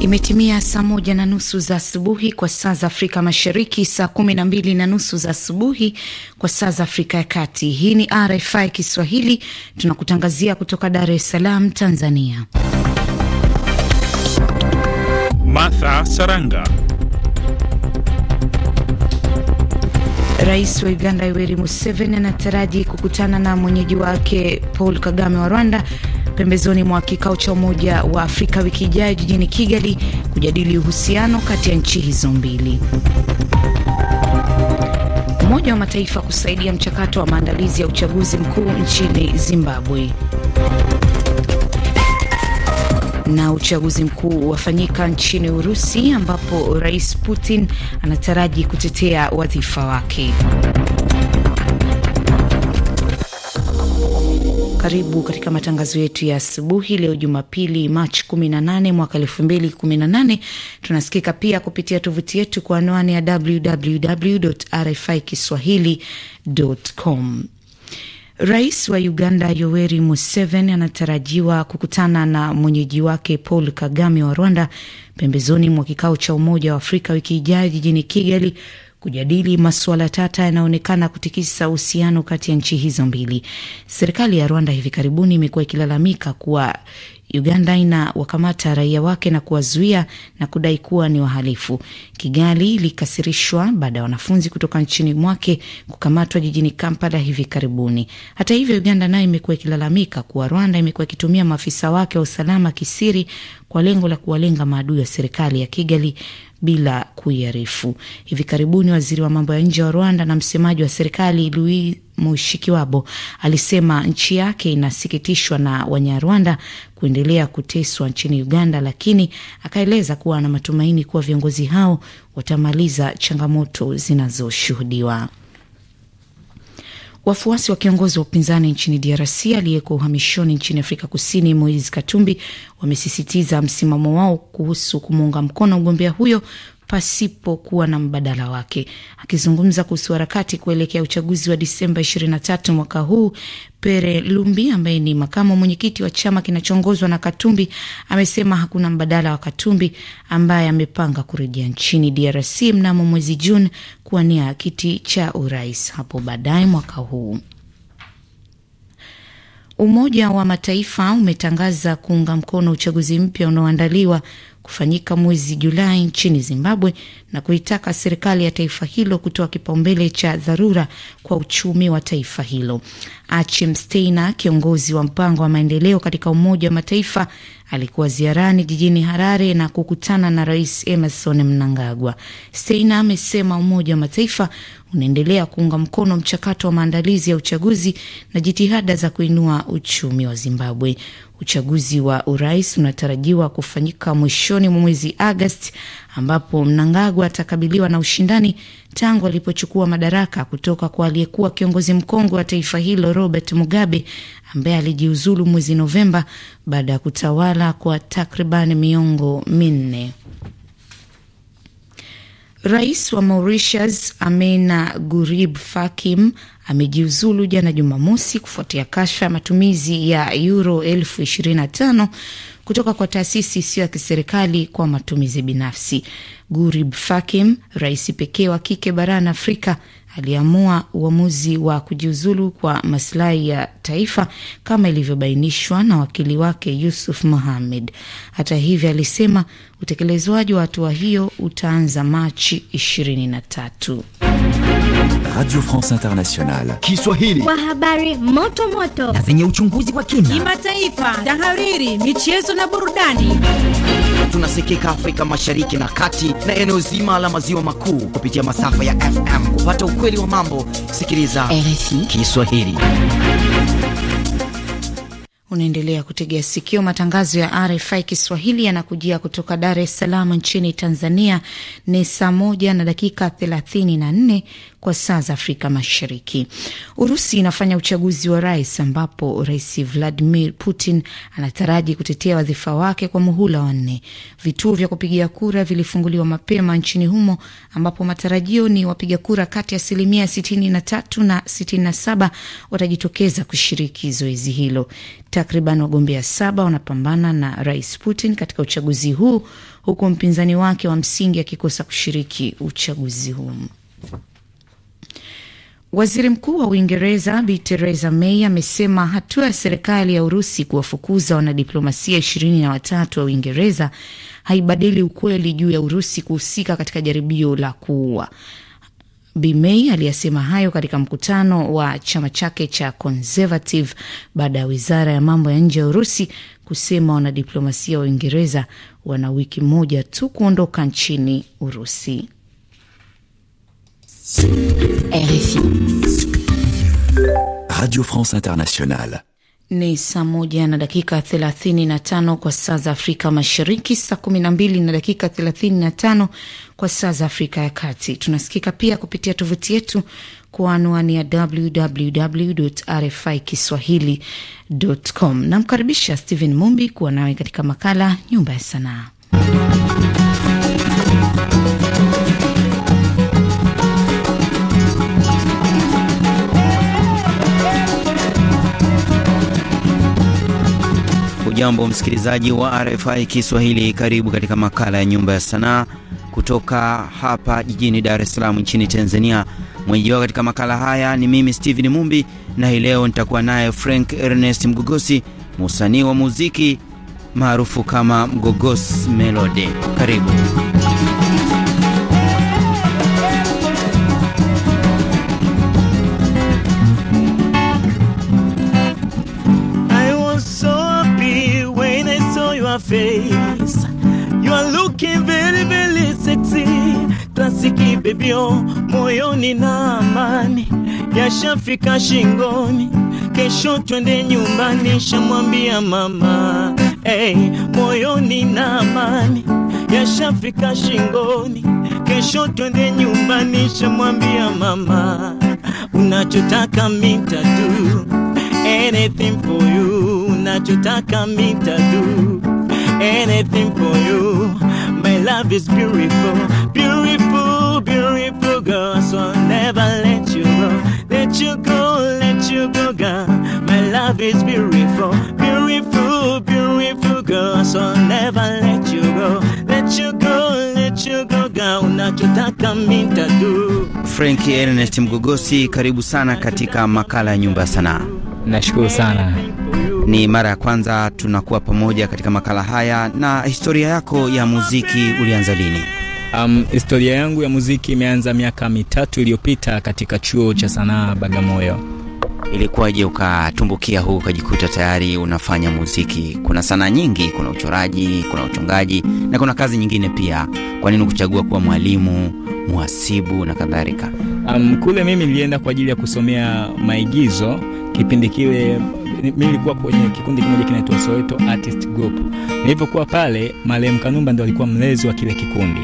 Imetimia saa moja na nusu za asubuhi kwa saa za Afrika Mashariki, saa kumi na mbili na nusu za asubuhi kwa saa za Afrika ya Kati. Hii ni RFI Kiswahili, tunakutangazia kutoka Dar es Salaam, Tanzania. Martha Saranga. Rais wa Uganda Yoweri Museveni anataraji kukutana na mwenyeji wake Paul Kagame wa Rwanda pembezoni mwa kikao cha Umoja wa Afrika wiki ijayo jijini Kigali kujadili uhusiano kati ya nchi hizo mbili. Umoja wa Mataifa kusaidia mchakato wa maandalizi ya uchaguzi mkuu nchini Zimbabwe. Na uchaguzi mkuu wafanyika nchini Urusi ambapo Rais Putin anataraji kutetea wadhifa wake. Karibu katika matangazo yetu ya asubuhi leo Jumapili, Machi 18 mwaka 2018. Tunasikika pia kupitia tovuti yetu kwa anwani ya www RFI kiswahilicom. Rais wa Uganda Yoweri Museveni anatarajiwa kukutana na mwenyeji wake Paul Kagame wa Rwanda pembezoni mwa kikao cha Umoja wa Afrika wiki ijayo jijini Kigali kujadili masuala tata yanayoonekana kutikisa uhusiano kati ya nchi hizo mbili. Serikali ya Rwanda hivi karibuni imekuwa ikilalamika kuwa Uganda inawakamata raia wake na kuwazuia na kudai kuwa ni wahalifu. Kigali ilikasirishwa baada ya wanafunzi kutoka nchini mwake kukamatwa jijini Kampala hivi karibuni. Hata hivyo, Uganda nayo imekuwa ikilalamika kuwa Rwanda imekuwa ikitumia maafisa wake wa usalama kisiri kwa lengo la kuwalenga maadui wa serikali ya Kigali bila kuiarifu. Hivi karibuni waziri wa mambo ya nje wa Rwanda na msemaji wa serikali Louis Mushikiwabo alisema nchi yake inasikitishwa na Wanyarwanda kuendelea kuteswa nchini Uganda, lakini akaeleza kuwa ana matumaini kuwa viongozi hao watamaliza changamoto zinazoshuhudiwa. Wafuasi wa kiongozi wa upinzani nchini DRC aliyeko uhamishoni nchini Afrika Kusini, Moise Katumbi, wamesisitiza msimamo wao kuhusu kumuunga mkono mgombea huyo pasipokuwa na mbadala wake. Akizungumza kuhusu harakati kuelekea uchaguzi wa Disemba 23 mwaka huu, Pere Lumbi ambaye ni makamu mwenyekiti wa chama kinachoongozwa na Katumbi amesema hakuna mbadala wa Katumbi ambaye amepanga kurejea nchini DRC mnamo mwezi Juni kuwania kiti cha urais hapo baadaye mwaka huu. Umoja wa Mataifa umetangaza kuunga mkono uchaguzi mpya unaoandaliwa kufanyika mwezi Julai nchini Zimbabwe na kuitaka serikali ya taifa hilo kutoa kipaumbele cha dharura kwa uchumi wa taifa hilo. Achim Steiner, kiongozi wa mpango wa maendeleo katika Umoja wa Mataifa, alikuwa ziarani jijini Harare na kukutana na Rais Emerson Mnangagwa. Steiner amesema Umoja wa Mataifa unaendelea kuunga mkono mchakato wa maandalizi ya uchaguzi na jitihada za kuinua uchumi wa Zimbabwe. Uchaguzi wa urais unatarajiwa kufanyika mwishoni mwa mwezi Agosti, ambapo Mnangagwa atakabiliwa na ushindani tangu alipochukua madaraka kutoka kwa aliyekuwa kiongozi mkongwe wa taifa hilo Robert Mugabe, ambaye alijiuzulu mwezi Novemba baada ya kutawala kwa takriban miongo minne. Rais wa Mauritius Amina Gurib Fakim amejiuzulu jana Jumamosi kufuatia kashfa ya matumizi ya euro elfu ishirini na tano kutoka kwa taasisi isiyo ya kiserikali kwa matumizi binafsi. Gurib Fakim, rais pekee wa kike barani Afrika, aliamua uamuzi wa kujiuzulu kwa masilahi ya taifa kama ilivyobainishwa na wakili wake Yusuf Mohamed. Hata hivyo, alisema Utekelezwaji wa hatua hiyo utaanza Machi 23. Radio France Internationale Kiswahili, kwa habari moto moto na zenye uchunguzi wa kina, kimataifa, tahariri, michezo na burudani. Tunasikika Afrika Mashariki na Kati na eneo zima la maziwa makuu kupitia masafa ya FM. Kupata ukweli wa mambo, sikiliza RFI Kiswahili. Unaendelea kutegea sikio matangazo ya RFI Kiswahili yanakujia kutoka Dar es Salaam nchini Tanzania. Ni saa moja na dakika thelathini na nne kwa saa za Afrika Mashariki. Urusi inafanya uchaguzi wa rais ambapo Rais Vladimir Putin anataraji kutetea wadhifa wake kwa muhula wa nne. Vituo vya kupigia kura vilifunguliwa mapema nchini humo ambapo matarajio ni wapiga kura kati ya asilimia 63 na 67 watajitokeza kushiriki zoezi hilo. Takriban wagombea saba wanapambana na Rais Putin katika uchaguzi huu huku mpinzani wake wa msingi akikosa kushiriki uchaguzi huu. Waziri Mkuu wa Uingereza Bi Theresa May amesema hatua ya serikali ya Urusi kuwafukuza wanadiplomasia ishirini na watatu wa Uingereza haibadili ukweli juu ya Urusi kuhusika katika jaribio la kuua. Bi May aliyasema hayo katika mkutano wa chama chake cha Conservative baada ya wizara ya mambo ya nje ya Urusi kusema wanadiplomasia wa Uingereza wana wiki moja tu kuondoka nchini Urusi. RFI. Radio France Internationale. Ni saa moja na dakika 35 kwa saa za Afrika Mashariki, saa 12 na dakika 35 kwa saa za Afrika ya Kati. Tunasikika pia kupitia tovuti yetu kwa anwani ya www RFI kiswahilicom. Namkaribisha Stephen Mumbi kuwa nawe katika makala Nyumba ya Sanaa. Ujambo msikilizaji wa RFI Kiswahili, karibu katika makala ya Nyumba ya Sanaa kutoka hapa jijini Dar es Salaam nchini Tanzania. Mwenyeji wao katika makala haya ni mimi Steven Mumbi, na hii leo nitakuwa naye Frank Ernest Mgogosi, msanii wa muziki maarufu kama mgogosi Melody. Karibu. face. You are looking very, very sexy. Klasiki bebio, oh, moyoni na amani. Yashafika shingoni, kesho twende nyumbani, shamwambia mama. Hey, moyoni na amani. Yashafika shingoni, kesho twende nyumbani, shamwambia mama. Unachotaka mita tu, anything for you. Unachotaka mita tu anything for you. My love is beautiful, beautiful, beautiful girl. So I'll never let you go, let you go, let you go, girl. My love is beautiful, beautiful, beautiful girl. So I'll never let you go, let you go, let you go, girl. Unachotaka mimi nitadu. Frankie Ernest Mgogosi, karibu sana katika makala ya Nyumba ya Sanaa. Nashukuru sana. Ni mara ya kwanza tunakuwa pamoja katika makala haya, na historia yako ya muziki ulianza lini? Um, historia yangu ya muziki imeanza miaka mitatu iliyopita katika chuo cha sanaa Bagamoyo. Ilikuwaje ukatumbukia huu ukajikuta tayari unafanya muziki? Kuna sanaa nyingi, kuna uchoraji, kuna uchungaji na kuna kazi nyingine pia. Kwa nini kuchagua kuwa mwalimu, mhasibu na kadhalika? Um, kule mimi nilienda kwa ajili ya kusomea maigizo kipindi kile mimi nilikuwa kwenye kikundi kimoja kinaitwa Soweto Artist Group. Nilipokuwa pale, marehemu Kanumba ndo alikuwa mlezi wa kile kikundi.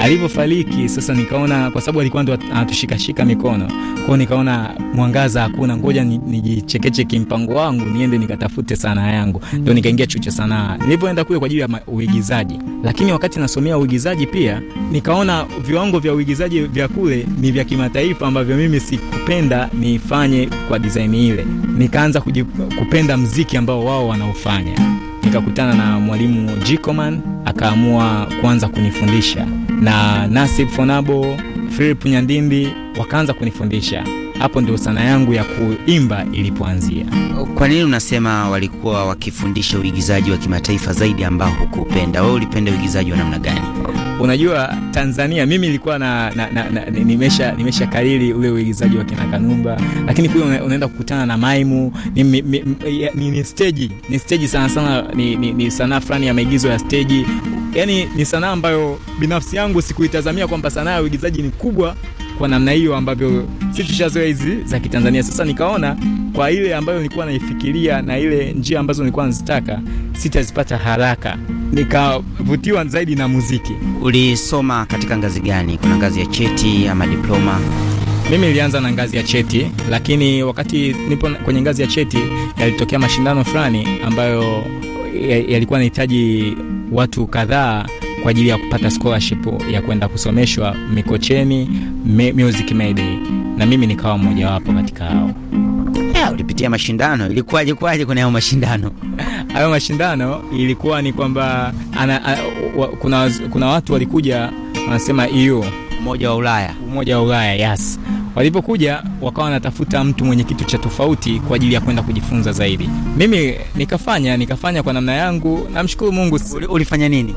Alivyofariki sasa, nikaona kwa sababu alikuwa ndo anatushikashika mikono kwao, nikaona mwangaza hakuna, ngoja nijichekeche kimpango wangu, niende nikatafute sanaa yangu. Ndio nikaingia chuo cha sanaa. Nilipoenda kule kwa ajili ya uigizaji, lakini wakati nasomea uigizaji pia nikaona viwango vya uigizaji vya kule ni vya kimataifa ambavyo mimi sikupenda nifanye kwa design ile. Nikaanza kupenda mziki ambao wao wanaofanya. Nikakutana na mwalimu Jikoman akaamua kuanza kunifundisha, na Nasib Fonabo, Philip Nyandimbi wakaanza kunifundisha. Hapo ndio sanaa yangu ya kuimba ilipoanzia. Kwa nini unasema walikuwa wakifundisha uigizaji wa kimataifa zaidi ambao hukupenda wewe? Ulipenda uigizaji wa namna gani? Unajua Tanzania mimi nilikuwa na, na, na, na nimesha nimesha kariri ule uigizaji wa kina Kanumba, lakini kule una, unaenda kukutana na maimu ni, mi, ni, ni stage ni stage sana sana ni, ni, ni sanaa fulani ya maigizo ya stage. Yani ni sanaa ambayo binafsi yangu sikuitazamia kwamba sanaa ya uigizaji ni kubwa kwa namna hiyo ambavyo si tushazoea hizi za Kitanzania. Sasa nikaona kwa ile ambayo nilikuwa naifikiria na ile njia ambazo nilikuwa nazitaka sitazipata haraka nikavutiwa zaidi na muziki. Ulisoma katika ngazi gani? Kuna ngazi ya cheti ama diploma? Mimi nilianza na ngazi ya cheti, lakini wakati nipo kwenye ngazi ya cheti yalitokea mashindano fulani ambayo yalikuwa yanahitaji watu kadhaa kwa ajili ya kupata scholarship ya kwenda kusomeshwa Mikocheni Music Made, na mimi nikawa mmojawapo katika hao ulipitia mashindano, ilikuwaje kwaje kwenye hayo mashindano? Hayo mashindano ilikuwa ni kwamba kuna, kuna watu walikuja wanasema EU, Umoja wa Ulaya, Umoja wa Ulaya, yes. Walipokuja wakawa wanatafuta mtu mwenye kitu cha tofauti kwa ajili ya kwenda kujifunza zaidi. Mimi nikafanya nikafanya kwa namna yangu, namshukuru Mungu. Ulifanya nini?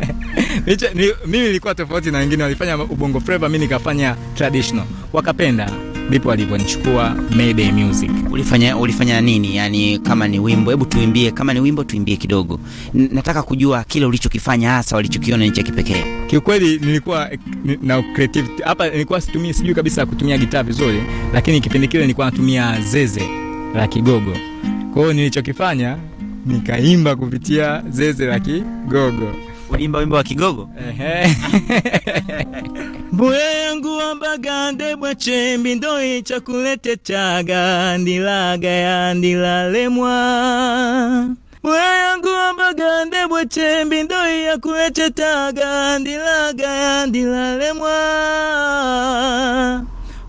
Mimi nilikuwa tofauti na wengine, walifanya Ubongo flavor, mimi nikafanya traditional, wakapenda ndipo aliponichukua Mayday Music. Ulifanya, ulifanya nini? Yani kama ni wimbo, hebu tuimbie. Kama ni wimbo tuimbie kidogo. N nataka kujua kile ulichokifanya hasa, walichokiona ni cha kipekee. Kiukweli nilikuwa na creativity hapa, nilikuwa situmii, sijui kabisa kutumia gitaa vizuri, lakini kipindi kile nilikuwa natumia zeze la Kigogo. Kwa hiyo nilichokifanya nikaimba kupitia zeze la Kigogo. Uliimba wimbo wa Kigogo? Ehe. mbuya yangu wambagande bwachembi ndoyi chakuletetaga ndilaga ya ndilalemwa mbuya yangu wambagande bwachembi ndoyi yakuletetaga ndilaga ya ndilalemwa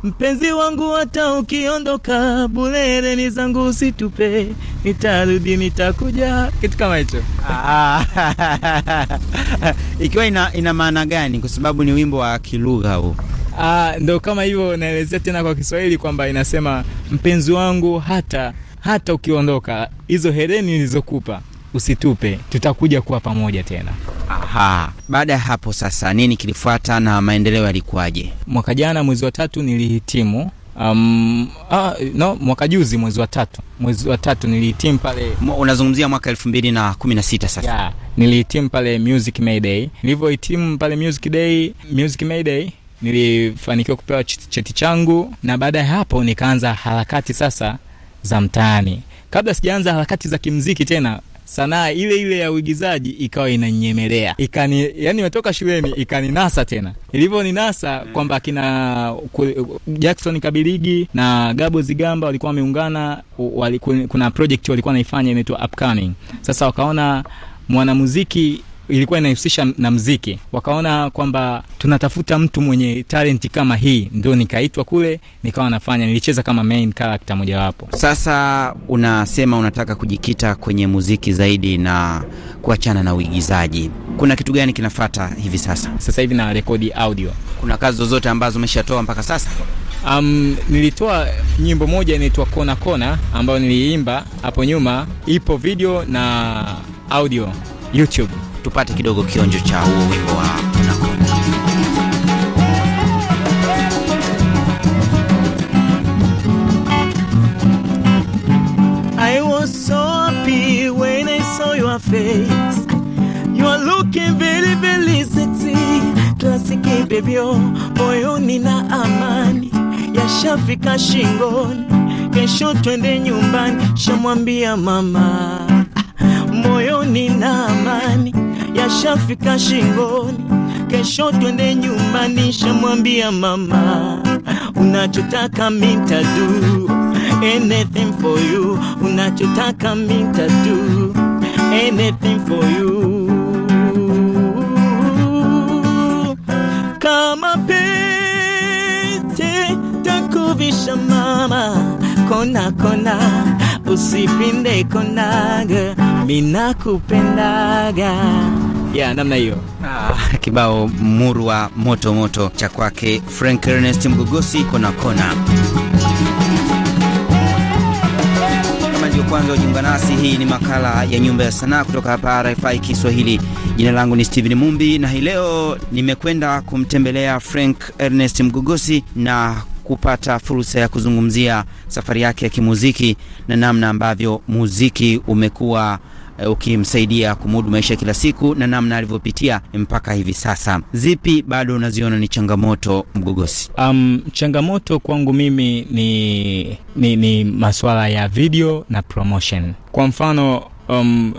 Mpenzi wangu hata ukiondoka, bule hereni zangu usitupe, nitarudi nitakuja, kitu kama hicho. Ah. Ikiwa ina, ina maana gani? Kwa sababu ni wimbo wa kilugha huu. Ah, ndo kama hivyo naelezea tena kwa Kiswahili kwamba inasema mpenzi wangu hata hata ukiondoka, hizo hereni nilizokupa usitupe, tutakuja kuwa pamoja tena. Doha. Baada ya hapo sasa, nini kilifuata na maendeleo yalikuwaje? Mwaka jana mwezi wa tatu nilihitimu Um, ah, no, mwaka juzi mwezi wa tatu mwezi wa tatu nilihitimu pale. Unazungumzia mwaka elfu mbili na kumi na sita sasa? Yeah, nilihitimu pale Music Mayday. Nilivyohitimu pale Music Day, Music Mayday nilifanikiwa kupewa cheti changu, na baada ya hapo nikaanza harakati sasa za mtaani. Kabla sijaanza harakati za kimziki tena sanaa ile ile ya uigizaji ikawa inanyemelea ikani, yani imetoka shuleni ikaninasa tena, ilivyo nasa hmm. kwamba kina Jackson Kabiligi na Gabo Zigamba walikuwa wameungana, kuna project walikuwa naifanya inaitwa Upcoming. Sasa wakaona mwanamuziki ilikuwa inahusisha na mziki, wakaona kwamba tunatafuta mtu mwenye talenti kama hii, ndio nikaitwa kule, nikawa nafanya, nilicheza kama main character mojawapo. Sasa unasema unataka kujikita kwenye muziki zaidi na kuachana na uigizaji, kuna kitu gani kinafata hivi sasa? Sasa hivi na rekodi audio. Kuna kazi zozote ambazo umeshatoa mpaka sasa? Um, nilitoa nyimbo moja inaitwa Kona Kona ambayo niliimba hapo nyuma, ipo video na audio. YouTube. Tupate kidogo kionjo cha huo wimbo wa I was so happy when I saw your face. You are looking very, very sexy. Classic eh, baby, oh, boy, moyoni na amani. Ya shafika shingoni. Kesho twende nyumbani, shamwambia mama amani na amani yashafika shingoni, kesho twende nyumbani, shamwambia mama unachotaka minta mitadu anything for you, unachotaka minta mitadu anything for you kama pete takuvisha mama kona kona usipinde konaga, kupendaga ya namna hiyo. Ah, kibao murwa moto moto cha kwake Frank Ernest Mgogosi, kona kona. Kwanza ujiunga nasi, hii ni makala ya Nyumba ya Sanaa kutoka hapa RFI Kiswahili. Jina langu ni Steven Mumbi na hii leo nimekwenda kumtembelea Frank Ernest Mgogosi na kupata fursa ya kuzungumzia safari yake ya kimuziki na namna ambavyo muziki umekuwa eh, ukimsaidia kumudu maisha kila siku na namna alivyopitia mpaka hivi sasa. Zipi bado unaziona ni changamoto Mgogosi? Um, changamoto kwangu mimi ni, ni, ni masuala ya video na promotion. Kwa mfano um,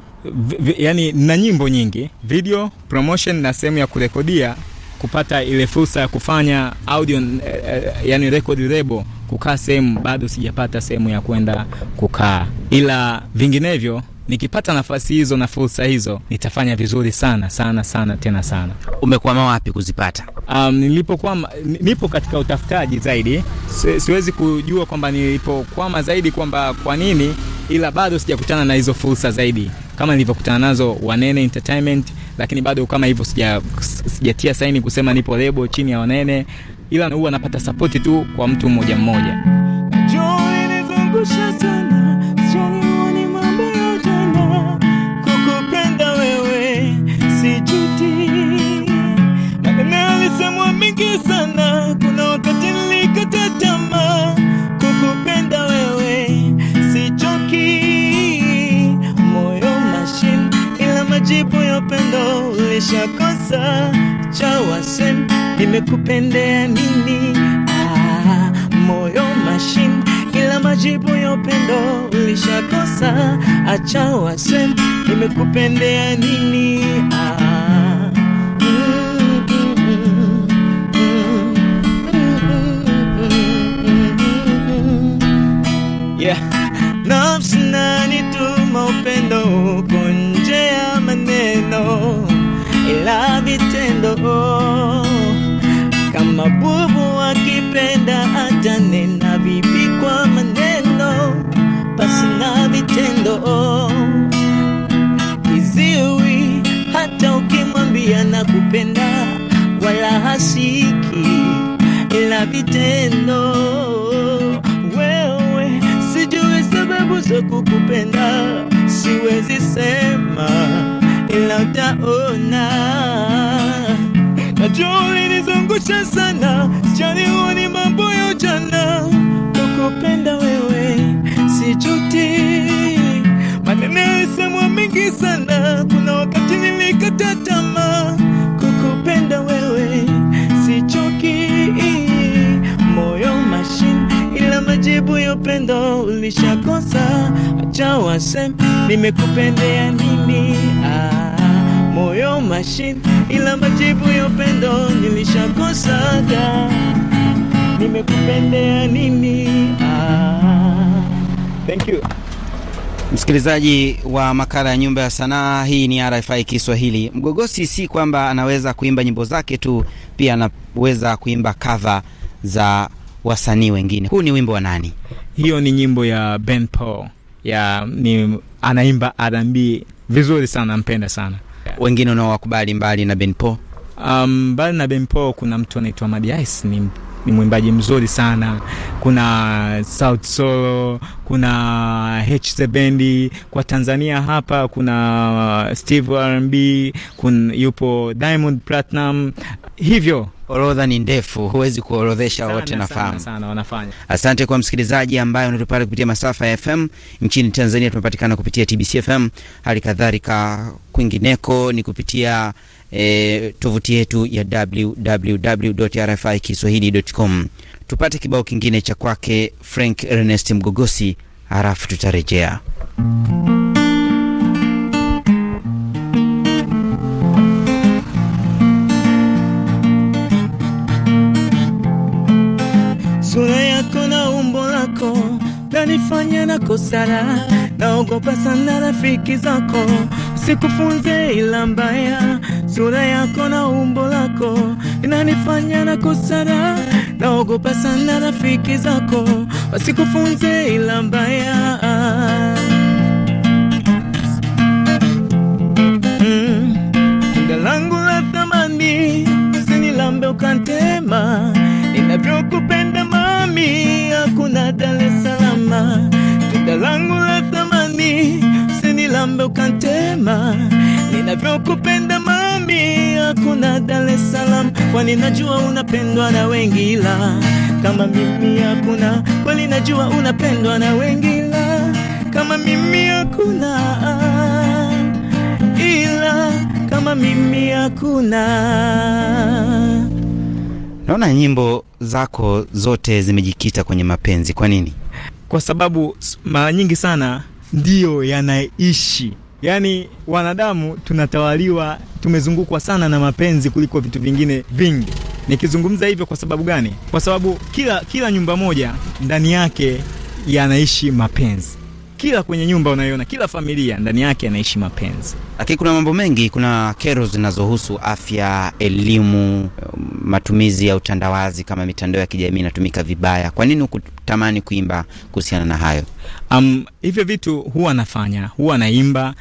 yani na nyimbo nyingi, video promotion na sehemu ya kurekodia kupata ile fursa ya kufanya audio eh, eh, yani record label kukaa sehemu, bado sijapata sehemu ya kwenda kukaa, ila vinginevyo nikipata nafasi hizo na fursa hizo nitafanya vizuri sana sana sana tena sana. Umekwama wapi kuzipata? Um, nilipokwama, nipo katika utafutaji zaidi. Si, siwezi kujua kwamba nilipokwama zaidi kwamba kwa nini, ila bado sijakutana na hizo fursa zaidi kama nilivyokutana nazo Wanene Entertainment, lakini bado kama hivyo sija sijatia saini kusema nipo lebo chini ya Wanene, ila huwa napata sapoti tu kwa mtu mmoja mmoja. sana, kuna wakati nilikata tamaa, kukupenda wewe sichoki, moyo unashinda, ila majibu ya upendo ulishakosa, cha wasem nimekupendea nini? Ah, moyo unashinda ila majibu ya upendo ulishakosa, acha wasem nimekupendea nini? ah, yeah. Nafsi nanituma upendo uko nje ya maneno, ila vitendo kama bubu akipenda atanena vipi kwa maneno pasi na vitendo kiziwi, hata ukimwambia na kupenda wala hasiki ila vitendo uwezo kukupenda siwezi sema, ila utaona. Najua ulinizungusha sana, huo ni mambo ya ujana. Kukupenda wewe sijuti, maneno yalisemwa mengi sana. Kuna wakati nilikata tamaa, kukupenda wewe majibu ya upendo ulishakosa, acha wasem, nimekupendea nini? Ah, moyo machine, ila majibu ya upendo nilishakosa, nimekupendea nini? Ah, thank you. Msikilizaji wa makala ya Nyumba ya Sanaa, hii ni RFI Kiswahili. Mgogosi si kwamba anaweza kuimba nyimbo zake tu, pia anaweza kuimba cover za wasanii wengine. Huu ni wimbo wa nani? Hiyo ni nyimbo ya Ben Paul ya ni anaimba R&B vizuri sana, nampenda sana. Wengine unaowakubali mbali na Ben Paul? Um, mbali na Ben Paul kuna mtu anaitwa Madiais ni ni mwimbaji mzuri sana. Kuna South Solo, kuna h Bendi kwa Tanzania hapa, kuna Steve R&B, kuna yupo Diamond Platinum, hivyo Orodha ni ndefu, huwezi kuorodhesha wote, nafahamu sana wanafanya. Asante kwa msikilizaji ambaye unatupata kupitia masafa ya FM. Nchini Tanzania tunapatikana kupitia TBC FM, hali kadhalika kwingineko ni kupitia e, tovuti yetu ya www.rfikiswahili.com. Tupate kibao kingine cha kwake Frank Ernest Mgogosi halafu tutarejea zako nanifanya na kosara, naogopa sana rafiki zako, sikufunze ila mbaya, sura yako na umbo lako inanifanya na kosara, naogopa sana rafiki zako, wasikufunze ila mbaya mm. langu la thamani usinilambe ukantema, ninavyokupenda mami ukanichamba ukantema, ninavyokupenda mami, hakuna Dar es Salaam, kwani najua unapendwa na wengi, ila kama mimi hakuna, kwani najua unapendwa na wengi, ila kama mimi hakuna, ila kama mimi hakuna. Naona nyimbo zako zote zimejikita kwenye mapenzi. Kwa nini? Kwa sababu mara nyingi sana ndiyo yanaishi. Yaani wanadamu tunatawaliwa, tumezungukwa sana na mapenzi kuliko vitu vingine vingi. Nikizungumza hivyo kwa sababu gani? Kwa sababu kila kila nyumba moja ndani yake yanaishi mapenzi kila kwenye nyumba unayoona, kila familia ndani yake anaishi mapenzi. Lakini kuna mambo mengi, kuna kero zinazohusu afya, elimu, matumizi ya utandawazi kama mitandao ya kijamii inatumika vibaya. Kwa nini hukutamani kuimba kuhusiana na hayo? Um, hivyo vitu huwa nafanya, huwa naimba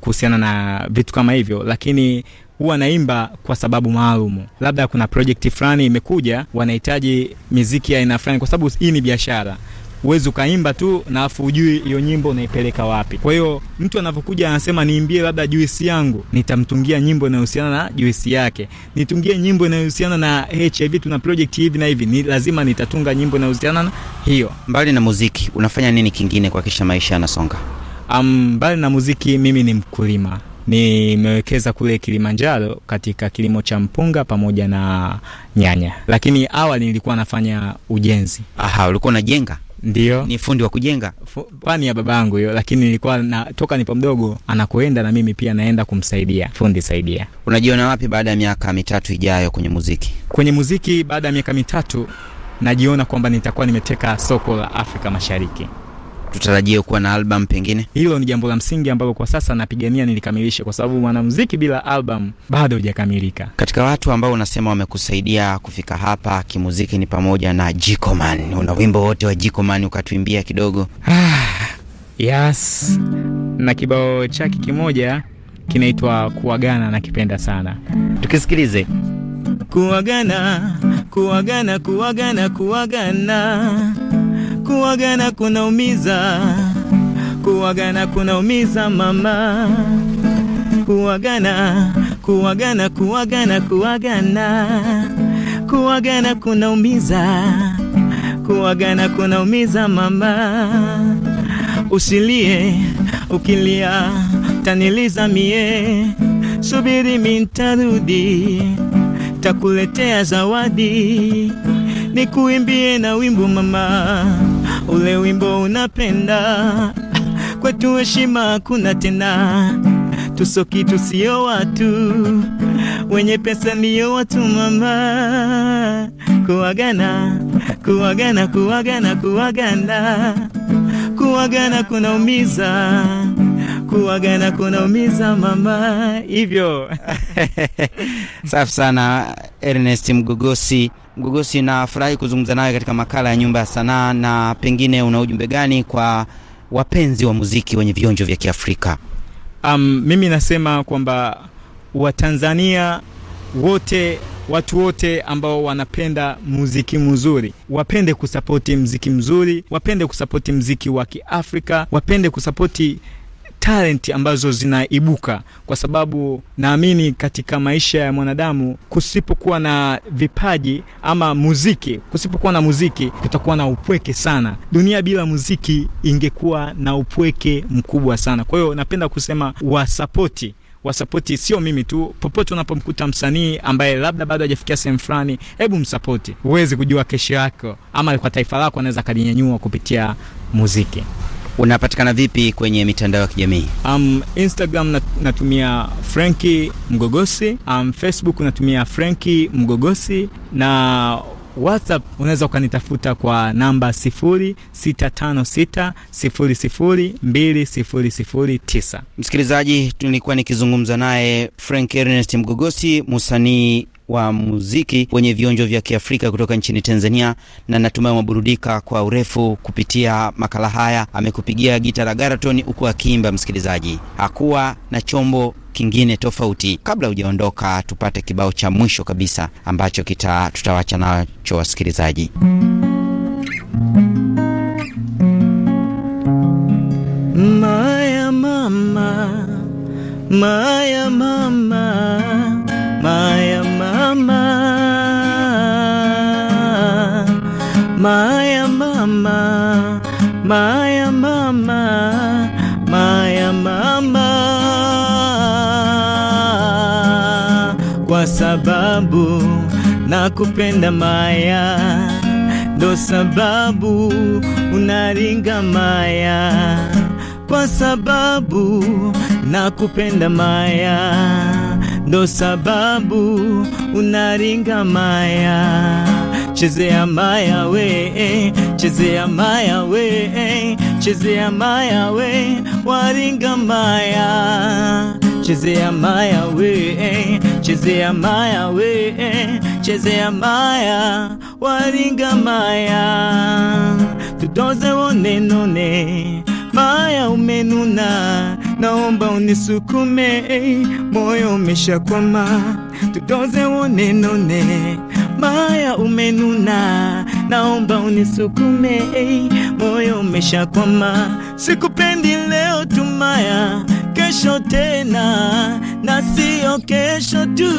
kuhusiana na vitu kama hivyo, lakini huwa naimba kwa sababu maalumu, labda kuna projekti fulani imekuja, wanahitaji miziki ya aina fulani, kwa sababu hii ni biashara uwezi ukaimba tu na afu ujui hiyo nyimbo unaipeleka wapi. Kwa hiyo mtu anavyokuja anasema niimbie labda juisi yangu, nitamtungia nyimbo inayohusiana na juisi yake, nitungie nyimbo inayohusiana na HIV, tuna project hivi na hivi, ni lazima nitatunga nyimbo inayohusiana na hiyo. Mbali na muziki, unafanya nini kingine kuhakikisha maisha yanasonga? Um, mbali na muziki, mimi ni mkulima nimewekeza kule Kilimanjaro katika kilimo cha mpunga pamoja na nyanya, lakini awali nilikuwa nafanya ujenzi. Aha, ulikuwa unajenga? Ndio. Ni fundi wa kujenga. Fani ya babangu hiyo, lakini nilikuwa na toka nipo mdogo anakoenda na mimi pia naenda kumsaidia. Fundi saidia. Unajiona wapi baada ya miaka mitatu ijayo kwenye muziki? Kwenye muziki baada ya miaka mitatu najiona kwamba nitakuwa nimeteka soko la Afrika Mashariki tutarajie kuwa na album pengine? Hilo ni jambo la msingi ambalo kwa sasa napigania nilikamilishe, kwa sababu mwanamuziki bila album bado hujakamilika. Katika watu ambao unasema wamekusaidia kufika hapa kimuziki ni pamoja na Jikoman. Una wimbo wote wa Jikoman ukatuimbia kidogo? Ah, yes, na kibao chake kimoja kinaitwa Kuagana na kipenda sana, tukisikilize. Kuagana, kuagana, kuagana, kuagana kuwagana kunaumiza, kuwagana kunaumiza mama, kuwagana kuwagana kuwagana kuwagana kuwagana kunaumiza, kuwagana kunaumiza mama, usilie, ukilia taniliza mie, subiri mintarudi, takuletea zawadi nikuimbie na wimbo mama ule wimbo unapenda kwetu, heshima kuna tena, tusoki tusio watu wenye pesa ndio watu mama, kuwagana kuagana kuagana kuagana kuwagana kunaumiza na kunaumiza mama, hivyo safi sana Ernest Mgogosi. Mgogosi, nafurahi kuzungumza nawe katika makala ya Nyumba ya Sanaa. Na pengine una ujumbe gani kwa wapenzi wa muziki wenye vionjo vya Kiafrika? Um, mimi nasema kwamba Watanzania wote watu wote ambao wanapenda muziki mzuri wapende kusapoti mziki mzuri, wapende kusapoti mziki wa Kiafrika, wapende kusapoti talenti ambazo zinaibuka, kwa sababu naamini katika maisha ya mwanadamu kusipokuwa na vipaji ama muziki, kusipokuwa na muziki kutakuwa na upweke sana. Dunia bila muziki ingekuwa na upweke mkubwa sana. Kwa hiyo napenda kusema wasapoti wasapoti sio mimi tu, popote unapomkuta msanii ambaye labda bado hajafikia sehemu fulani, hebu msapoti. Huwezi kujua kesho yako ama kwa taifa lako anaweza akalinyanyua kupitia muziki. Unapatikana vipi kwenye mitandao ya kijamii? Um, Instagram nat natumia Frenki Mgogosi. Um, Facebook natumia Frenki Mgogosi na WhatsApp unaweza ukanitafuta kwa namba 0656002009. Msikilizaji, nilikuwa nikizungumza naye Frank Ernest Mgogosi, msanii wa muziki wenye vionjo vya Kiafrika kutoka nchini Tanzania, na natumai umeburudika kwa urefu kupitia makala haya. Amekupigia gita la Garatoni huku akiimba, msikilizaji, hakuwa na chombo kingine tofauti. Kabla hujaondoka, tupate kibao cha mwisho kabisa ambacho kita tutawacha nacho wasikilizaji. Maya mama, maya mama, maya Maya mama, Maya mama, Maya mama, kwa sababu nakupenda Maya, ndo sababu unaringa Maya, kwa sababu nakupenda Maya, ndo sababu unaringa Maya Chezea Maya we, Chezea Maya we, Chezea Maya we, Waringa Maya. Chezea Maya we, Chezea Maya we, Chezea Maya, Waringa Maya. Tudoze onenone, Maya umenuna, naomba unisukume, moyo umeshakwama. Tudoze onenone, Ubaya umenuna, naomba unisukume, hey, eh. moyo umeshakwama, sikupendi leo tumaya, kesho tena na sio kesho tu,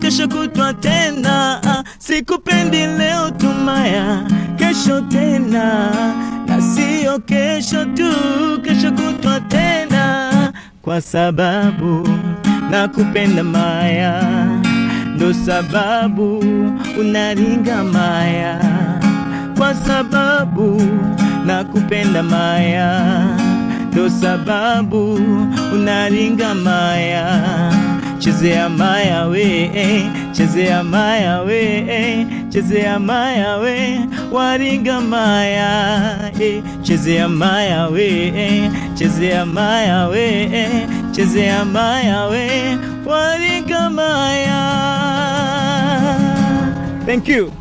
kesho kutwa tena, ah, sikupendi leo tumaya, kesho tena na sio kesho tu, kesho kutwa tena, kwa sababu nakupenda maya ndo sababu unaringa maya, kwa sababu nakupenda maya, ndo sababu unaringa maya. Chezea maya we, eh. chezea maya we, eh. chezea maya we, waringa maya, eh. chezea maya we, chezea maya we, chezea maya we, waringa maya. Thank you.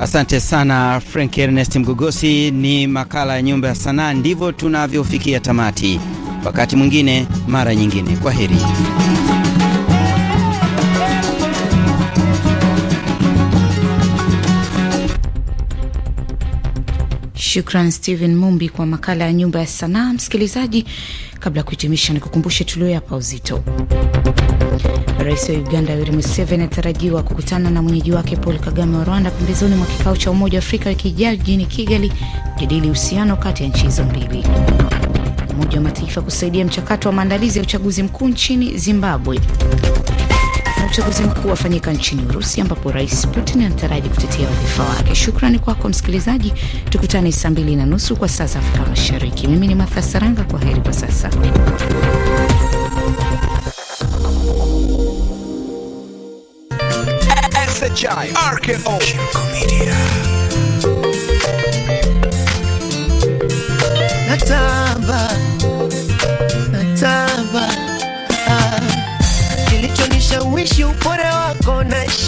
Asante sana Frank Ernest Mgogosi. Ni makala ya Nyumba ya Sanaa, ndivyo tunavyofikia tamati. Wakati mwingine, mara nyingine, kwa heri. Shukran Stephen Mumbi kwa makala ya Nyumba ya Sanaa. Msikilizaji, Kabla ya kuhitimisha, ni kukumbushe tuliyoyapa uzito. Rais wa Uganda Yoweri Museveni anatarajiwa kukutana na mwenyeji wake Paul Kagame wa Rwanda pembezoni mwa kikao cha Umoja wa Afrika wiki ijayo jijini Kigali kujadili uhusiano kati ya nchi hizo mbili. Umoja wa Mataifa kusaidia mchakato wa maandalizi ya uchaguzi mkuu nchini Zimbabwe uchaguzi mkuu wafanyika nchini Urusi ambapo Rais Putin anataraji kutetea wadhifa wake. Shukrani kwako msikilizaji, tukutane saa mbili na nusu kwa saa za Afrika Mashariki. Mimi ni Martha Saranga, kwa heri kwa sasa.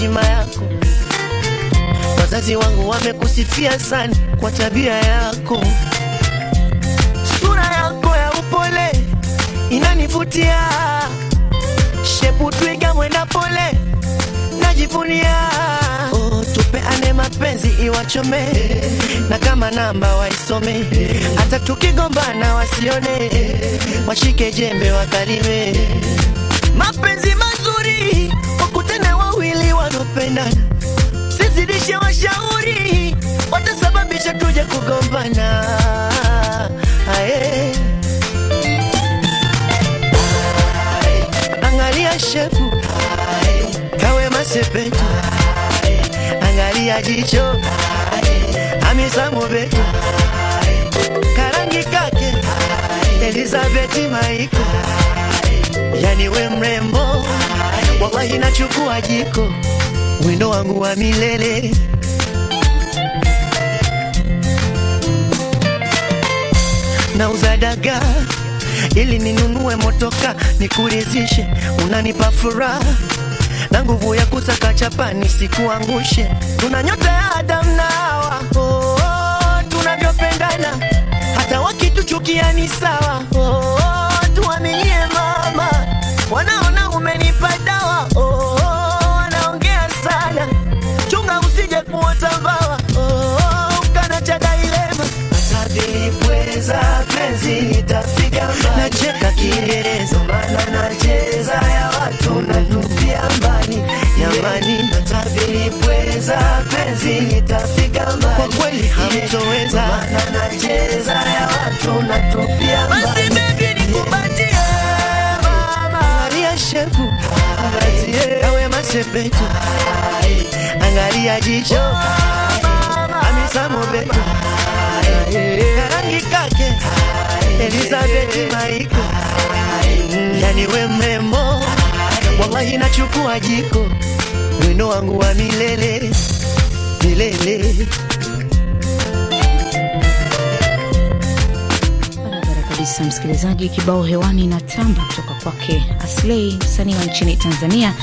heshima yako. Wazazi wangu wamekusifia sana kwa tabia yako, sura yako ya upole inanivutia, shepu twiga mwenda pole najivunia. Oh, tupeane mapenzi iwachome, na kama namba waisome, hata tukigombana wasione, washike jembe wakalime mapenzi mazuri wanaopendana, sizidishe washauri, watasababisha tuje kugombana. Aye, angalia shepu kawe masepetu, angalia jicho Hamisa Mobeto, karangi kake Elizabeth Maiko, yani we mrembo wallahi nachukua jiko wino wangu wa milele nauza uzadaga ili ninunue motoka nikurizishe, unanipa furaha na nguvu ya kusaka chapa sikuangushe. Tuna nyota ya Adamu na Hawa, oh, oh, tunavyopendana hata wakituchukia ni sawa oh. oh. Nacheka Kiingereza yamani Kwa kweli hamtoweza maana nacheza Elizabeth Maiko, yani we mrembo, wallahi nachukua jiko, mwino wangu wa milele milele. kabisa msikilizaji, kibao hewani na tamba kutoka kwake Aslei, msanii wa nchini Tanzania.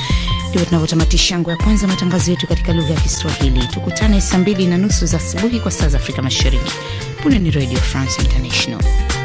Ndivyo tunavyotamatisha yangu ya kwanza matangazo yetu katika lugha ya Kiswahili. Tukutane saa mbili na nusu za asubuhi kwa saa za Afrika Mashariki. Punde ni Radio France International.